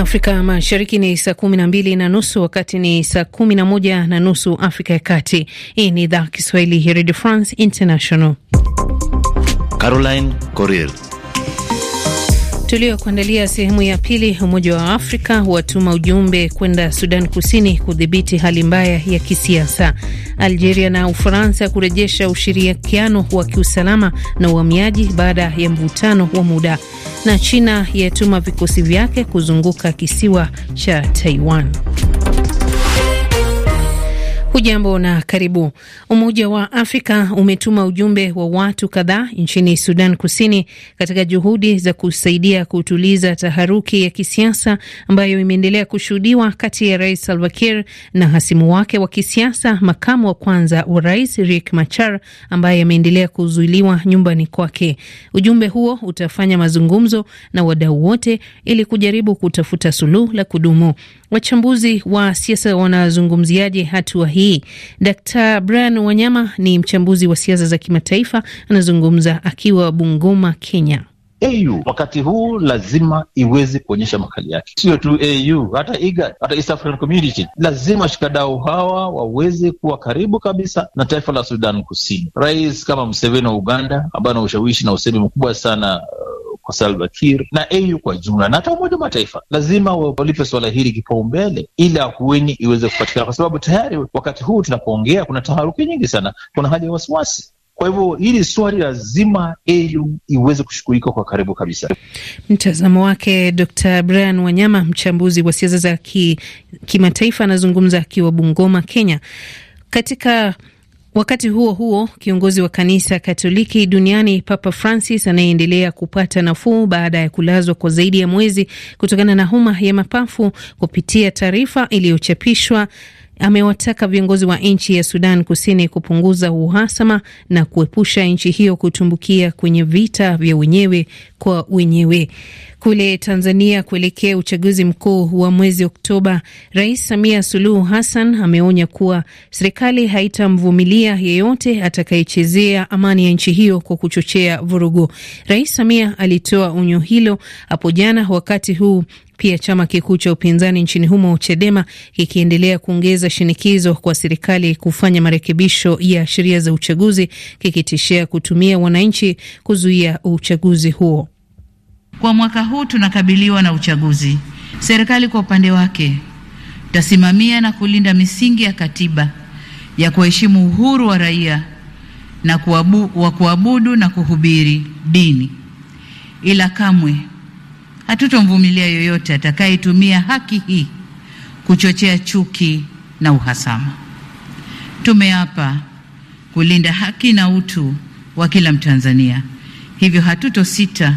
Afrika Mashariki ni saa kumi na mbili na nusu wakati ni saa kumi na moja na nusu Afrika ya Kati. Hii ni idhaa Kiswahili ya Redio France International. Caroline Corrier. Tuliokuandalia sehemu ya pili. Umoja wa Afrika watuma ujumbe kwenda Sudan Kusini kudhibiti hali mbaya ya kisiasa. Algeria na Ufaransa kurejesha ushirikiano wa kiusalama na uhamiaji baada ya mvutano wa muda, na China yatuma vikosi vyake kuzunguka kisiwa cha Taiwan. Hujambo na karibu. Umoja wa Afrika umetuma ujumbe wa watu kadhaa nchini Sudan Kusini katika juhudi za kusaidia kutuliza taharuki ya kisiasa ambayo imeendelea kushuhudiwa kati ya Rais Salva Kiir na hasimu wake wa kisiasa, makamu wa kwanza wa rais Riek Machar, ambaye ameendelea kuzuiliwa nyumbani kwake. Ujumbe huo utafanya mazungumzo na wadau wote ili kujaribu kutafuta suluhu la kudumu. Wachambuzi wa siasa wanazungumziaje hatua hii? Dkt Brian Wanyama ni mchambuzi wa siasa za kimataifa, anazungumza akiwa Bungoma, Kenya. AU wakati huu lazima iweze kuonyesha makali yake, sio tu AU, hata IGAD, hata East African Community. Lazima washikadao hawa waweze kuwa karibu kabisa na taifa la Sudan Kusini. Rais kama Museveni wa Uganda, ambaye ana ushawishi na usemi mkubwa sana kwa Salva Kiir na AU kwa jumla na hata Umoja wa Mataifa lazima walipe suala hili kipaumbele, ili akueni iweze kupatikana, kwa sababu tayari wakati huu tunapoongea kuna taharuki nyingi sana, kuna hali ya wasiwasi. Kwa hivyo hili swali lazima AU iweze kushughulika kwa karibu kabisa. Mtazamo wake Dr Brian Wanyama, mchambuzi wa siasa za kimataifa, anazungumza akiwa Bungoma, Kenya. Katika Wakati huo huo, kiongozi wa kanisa Katoliki duniani Papa Francis anayeendelea kupata nafuu baada ya kulazwa kwa zaidi ya mwezi kutokana na homa ya mapafu, kupitia taarifa iliyochapishwa amewataka viongozi wa nchi ya Sudan Kusini kupunguza uhasama na kuepusha nchi hiyo kutumbukia kwenye vita vya wenyewe kwa wenyewe. Kule Tanzania, kuelekea uchaguzi mkuu wa mwezi Oktoba, Rais Samia Suluhu Hassan ameonya kuwa serikali haitamvumilia yeyote atakayechezea amani ya nchi hiyo kwa kuchochea vurugu. Rais Samia alitoa onyo hilo hapo jana wakati huu pia chama kikuu cha upinzani nchini humo Chadema kikiendelea kuongeza shinikizo kwa serikali kufanya marekebisho ya sheria za uchaguzi, kikitishia kutumia wananchi kuzuia uchaguzi huo. Kwa mwaka huu tunakabiliwa na uchaguzi. Serikali kwa upande wake tasimamia na kulinda misingi ya katiba ya kuheshimu uhuru wa raia na kuabu, wa kuabudu na kuhubiri dini, ila kamwe Hatutomvumilia yoyote atakayetumia haki hii kuchochea chuki na uhasama. Tumeapa kulinda haki na utu wa kila Mtanzania, hivyo hatutosita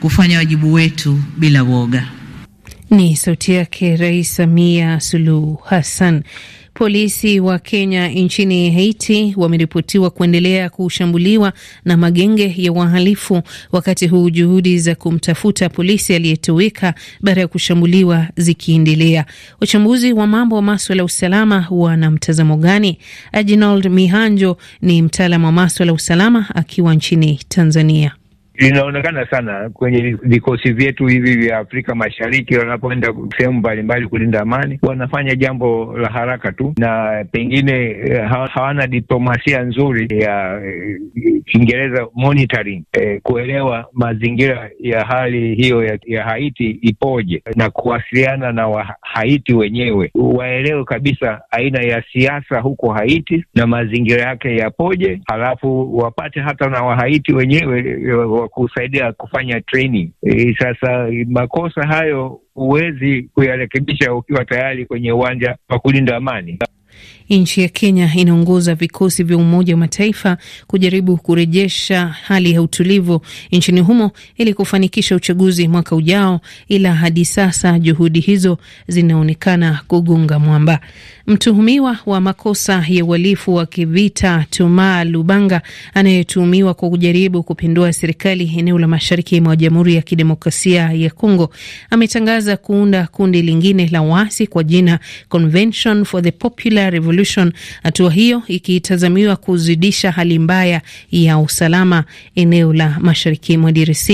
kufanya wajibu wetu bila woga. Ni sauti yake Rais Samia Suluhu Hassan. Polisi wa Kenya nchini Haiti wameripotiwa kuendelea kushambuliwa na magenge ya wahalifu, wakati huu juhudi za kumtafuta polisi aliyetoweka baada ya kushambuliwa zikiendelea. Wachambuzi wa mambo wa maswala ya usalama wana mtazamo gani? Ajinold Mihanjo ni mtaalamu wa maswala ya usalama akiwa nchini Tanzania linaonekana sana kwenye vikosi vyetu hivi vya Afrika Mashariki, wanapoenda sehemu mbalimbali kulinda amani, wanafanya jambo la haraka tu, na pengine eh, hawana diplomasia nzuri ya eh, Kiingereza monitoring, eh, kuelewa mazingira ya hali hiyo ya, ya Haiti ipoje na kuwasiliana na wa Haiti wenyewe waelewe kabisa aina ya siasa huko Haiti na mazingira yake yapoje, halafu wapate hata na Wahaiti wenyewe eh, wa kusaidia kufanya training. E, sasa makosa hayo huwezi kuyarekebisha ukiwa tayari kwenye uwanja wa kulinda amani. Nchi ya Kenya inaongoza vikosi vya Umoja wa Mataifa kujaribu kurejesha hali ya utulivu nchini humo ili kufanikisha uchaguzi mwaka ujao, ila hadi sasa juhudi hizo zinaonekana kugunga mwamba. Mtuhumiwa wa makosa ya uhalifu wa kivita Tuma Lubanga anayetuhumiwa kwa kujaribu kupindua serikali eneo la mashariki mwa Jamhuri ya Kidemokrasia ya Kongo ametangaza kuunda kundi lingine la waasi kwa jina Convention for the Popular Revolution Revolution, hatua hiyo ikitazamiwa kuzidisha hali mbaya ya usalama eneo la mashariki mwa DRC.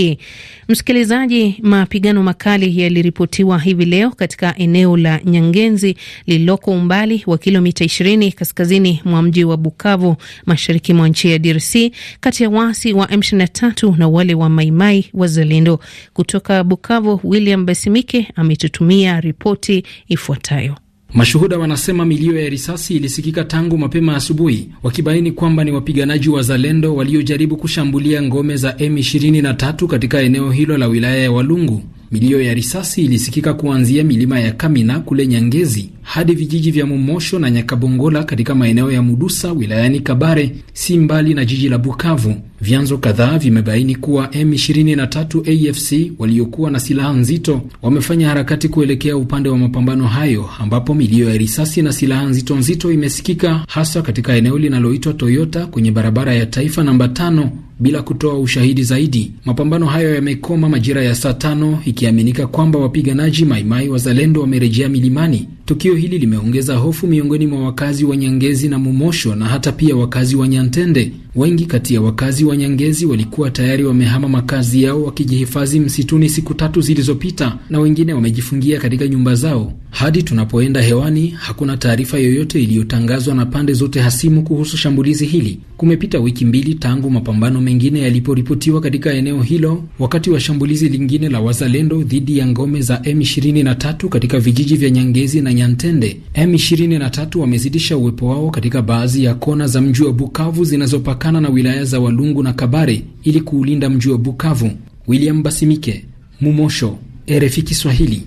Msikilizaji, mapigano makali yaliripotiwa hivi leo katika eneo la Nyangenzi lililoko umbali wa kilomita 20 kaskazini mwa mji wa Bukavu, mashariki mwa nchi ya DRC, kati ya waasi wa M23 na wale wa Maimai Wazalendo. Kutoka Bukavu, William Basimike ametutumia ripoti ifuatayo. Mashuhuda wanasema milio ya risasi ilisikika tangu mapema asubuhi, wakibaini kwamba ni wapiganaji wazalendo waliojaribu kushambulia ngome za M23 katika eneo hilo la wilaya ya Walungu. Milio ya risasi ilisikika kuanzia milima ya Kamina kule Nyangezi hadi vijiji vya Momosho na Nyakabongola katika maeneo ya Mudusa wilayani Kabare, si mbali na jiji la Bukavu. Vyanzo kadhaa vimebaini kuwa M23 AFC waliokuwa na silaha nzito wamefanya harakati kuelekea upande wa mapambano hayo, ambapo milio ya risasi na silaha nzito nzito imesikika hasa katika eneo linaloitwa Toyota kwenye barabara ya taifa namba tano bila kutoa ushahidi zaidi. Mapambano hayo yamekoma majira ya saa tano, ikiaminika kwamba wapiganaji Maimai wazalendo wamerejea milimani. Tukio hili limeongeza hofu miongoni mwa wakazi wa Nyangezi na Mumosho na hata pia wakazi wa Nyantende. Wengi kati ya wakazi wa Nyangezi walikuwa tayari wamehama makazi yao wakijihifadhi msituni siku tatu zilizopita, na wengine wamejifungia katika nyumba zao hadi tunapoenda hewani, hakuna taarifa yoyote iliyotangazwa na pande zote hasimu kuhusu shambulizi hili. Kumepita wiki mbili tangu mapambano mengine yaliporipotiwa katika eneo hilo, wakati wa shambulizi lingine la wazalendo dhidi ya ngome za M23 katika vijiji vya Nyangezi na Nyantende. M23 wamezidisha uwepo wao katika baadhi ya kona za mji wa Bukavu zinazopakana na wilaya za Walungu na Kabare ili kuulinda mji wa Bukavu. William Basimike, Mumosho, RFI Kiswahili.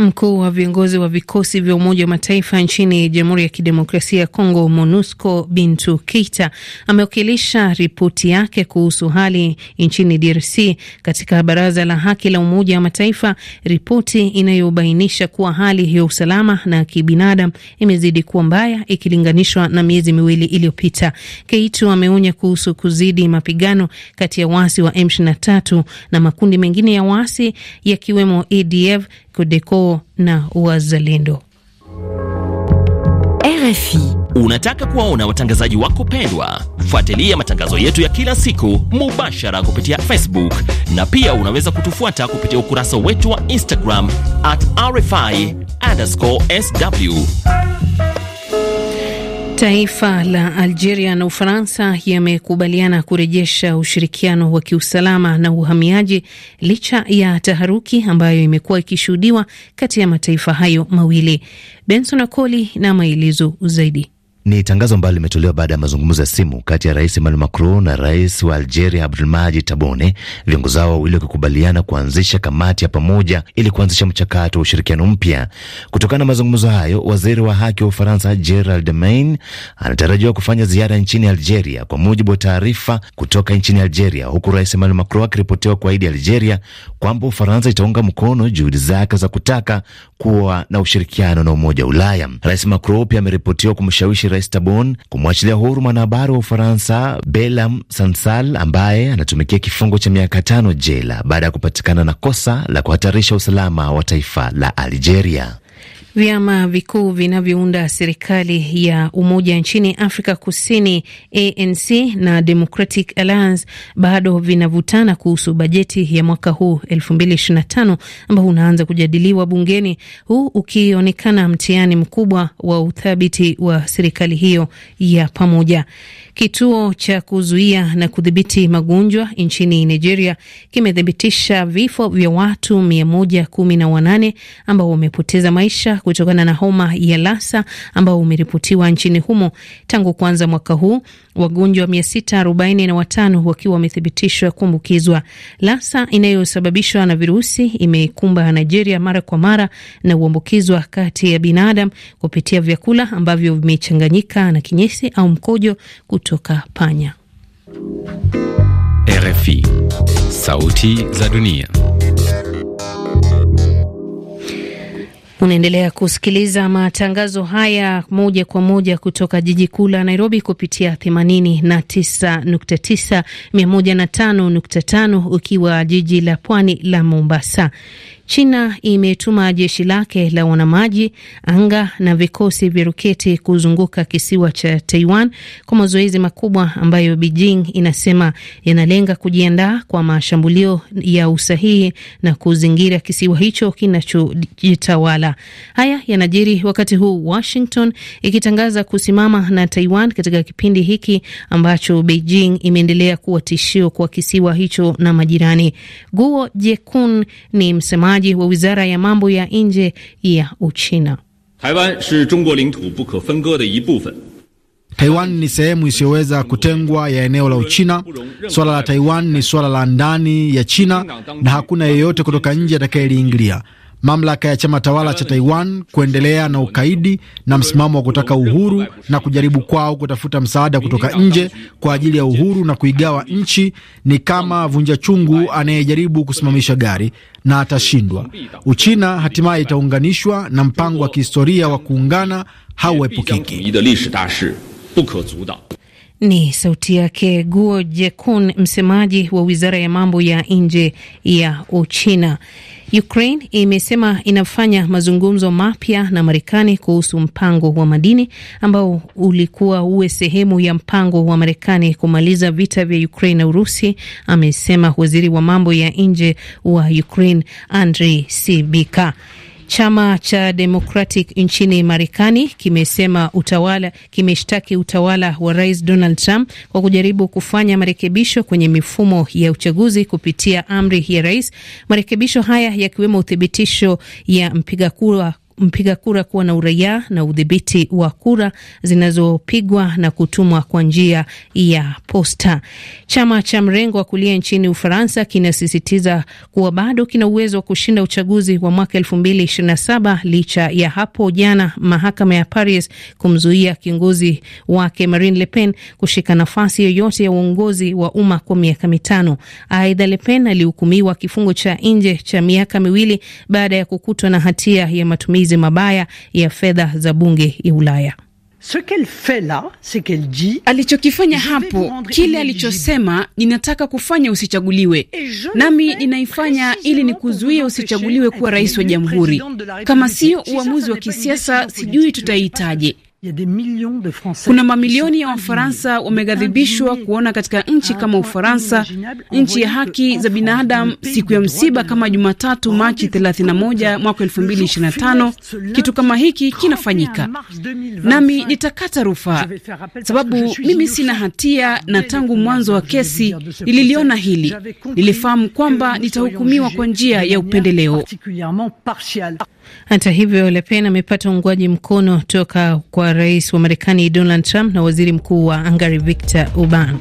Mkuu wa viongozi wa vikosi vya Umoja wa Mataifa nchini Jamhuri ya Kidemokrasia ya Kongo, MONUSCO, Bintu Keita amewakilisha ripoti yake kuhusu hali nchini DRC katika Baraza la Haki la Umoja wa Mataifa, ripoti inayobainisha kuwa hali ya usalama na kibinadamu imezidi kuwa mbaya ikilinganishwa na miezi miwili iliyopita. Keita ameonya kuhusu kuzidi mapigano kati ya waasi wa M23 na makundi mengine ya waasi yakiwemo ADF Codeco na Wazalendo. RFI. Unataka kuwaona watangazaji wako pendwa? Fuatilia matangazo yetu ya kila siku mubashara kupitia Facebook na pia unaweza kutufuata kupitia ukurasa wetu wa Instagram at rfi RFI_sw. Taifa la Algeria na Ufaransa yamekubaliana kurejesha ushirikiano wa kiusalama na uhamiaji licha ya taharuki ambayo imekuwa ikishuhudiwa kati ya mataifa hayo mawili. Benson Akoli na maelezo zaidi. Ni tangazo ambalo limetolewa baada ya mazungumzo ya simu kati ya Rais Emmanuel Macron na rais wa Algeria Abdelmadjid Tebboune, viongozi hao wawili wakikubaliana kuanzisha kamati ya pamoja ili kuanzisha mchakato wa ushirikiano mpya. Kutokana na mazungumzo hayo, waziri wa haki wa Ufaransa Gerald Damain anatarajiwa kufanya ziara nchini Algeria kwa mujibu wa taarifa kutoka nchini Algeria, huku Rais Emmanuel Macron akiripotiwa kuahidi Algeria kwamba Ufaransa itaunga mkono juhudi zake za kutaka kuwa na ushirikiano na Umoja wa Ulaya. Rais Macron pia ameripotiwa kumshawishi Esteban kumwachilia huru mwanahabari wa Ufaransa Belam Sansal ambaye anatumikia kifungo cha miaka tano jela baada ya kupatikana na kosa la kuhatarisha usalama wa taifa la Algeria. Vyama vikuu vinavyounda serikali ya umoja nchini Afrika Kusini, ANC na Democratic Alliance, bado vinavutana kuhusu bajeti ya mwaka huu 2025 ambao unaanza kujadiliwa bungeni, huu ukionekana mtihani mkubwa wa uthabiti wa serikali hiyo ya pamoja. Kituo cha kuzuia na kudhibiti magonjwa nchini Nigeria kimethibitisha vifo vya watu 118 ambao wamepoteza maisha kutokana na homa ya Lassa ambao umeripotiwa nchini humo tangu kuanza mwaka huu, wagonjwa 645 wakiwa wamethibitishwa kuambukizwa Lassa inayosababishwa na virusi. Imekumba Nigeria mara kwa mara na uambukizwa kati ya binadamu kupitia vyakula ambavyo vimechanganyika na kinyesi au mkojo kutoka panya. RFI, Sauti za Dunia. Unaendelea kusikiliza matangazo haya moja kwa moja kutoka jiji kuu la Nairobi kupitia 89.9, 105.5 ukiwa jiji la pwani la Mombasa. China imetuma jeshi lake la wanamaji, anga na vikosi vya roketi kuzunguka kisiwa cha Taiwan kwa mazoezi makubwa ambayo Beijing inasema yanalenga kujiandaa kwa mashambulio ya usahihi na kuzingira kisiwa hicho kinachojitawala. Haya yanajiri wakati huu Washington ikitangaza kusimama na Taiwan katika kipindi hiki ambacho Beijing imeendelea kuwa tishio kwa kisiwa hicho na majirani. Guo Jekun ni msemaji msemaji wa wizara ya mambo ya nje ya Uchina. Taiwan ni sehemu isiyoweza kutengwa ya eneo la Uchina. Swala la Taiwan ni swala la ndani ya China na hakuna yeyote kutoka nje atakayeliingilia mamlaka ya chama tawala cha Taiwan kuendelea na ukaidi na msimamo wa kutaka uhuru na kujaribu kwao kutafuta msaada kutoka nje kwa ajili ya uhuru na kuigawa nchi ni kama vunja chungu anayejaribu kusimamisha gari na atashindwa. Uchina hatimaye itaunganishwa na mpango wa kihistoria wa kuungana hauepukiki. Ni sauti yake Guo Jekun, msemaji wa wizara ya mambo ya nje ya Uchina. Ukraine imesema inafanya mazungumzo mapya na Marekani kuhusu mpango wa madini ambao ulikuwa uwe sehemu ya mpango wa Marekani kumaliza vita vya Ukraine na Urusi, amesema waziri wa mambo ya nje wa Ukraine Andriy Sibika. Chama cha Democratic nchini Marekani kimesema utawala kimeshtaki utawala wa Rais Donald Trump kwa kujaribu kufanya marekebisho kwenye mifumo ya uchaguzi kupitia amri ya rais. Marekebisho haya yakiwemo uthibitisho ya mpiga kura mpiga kura kuwa na uraia na udhibiti wa kura zinazopigwa na kutumwa kwa njia ya posta. Chama cha mrengo wa kulia nchini Ufaransa kinasisitiza kuwa bado kina uwezo wa kushinda uchaguzi wa mwaka 2027 licha ya hapo jana mahakama ya Paris kumzuia kiongozi wake Marine Le Pen kushika nafasi yoyote ya uongozi wa umma kwa miaka mitano. Aidha, Le Pen alihukumiwa kifungo cha nje cha miaka miwili baada ya kukutwa na hatia ya matumizi matumizi mabaya ya fedha za bunge ya Ulaya. Alichokifanya hapo, kile alichosema, ninataka kufanya usichaguliwe, nami ninaifanya ili ni kuzuia usichaguliwe kuwa rais wa jamhuri. Kama sio uamuzi wa kisiasa, sijui tutaitaje. Kuna mamilioni ya Wafaransa wameghadhibishwa kuona katika nchi kama Ufaransa, nchi ya haki za binadamu, siku ya msiba kama Jumatatu Machi 31 mwaka 2025 kitu kama hiki kinafanyika, nami nitakata rufaa sababu mimi sina hatia, na tangu mwanzo wa kesi nililiona hili, nilifahamu kwamba nitahukumiwa kwa njia ya upendeleo. Hata hivyo, Lepen amepata uungwaji mkono toka kwa rais wa Marekani Donald Trump na waziri mkuu wa Hungary Viktor Orban.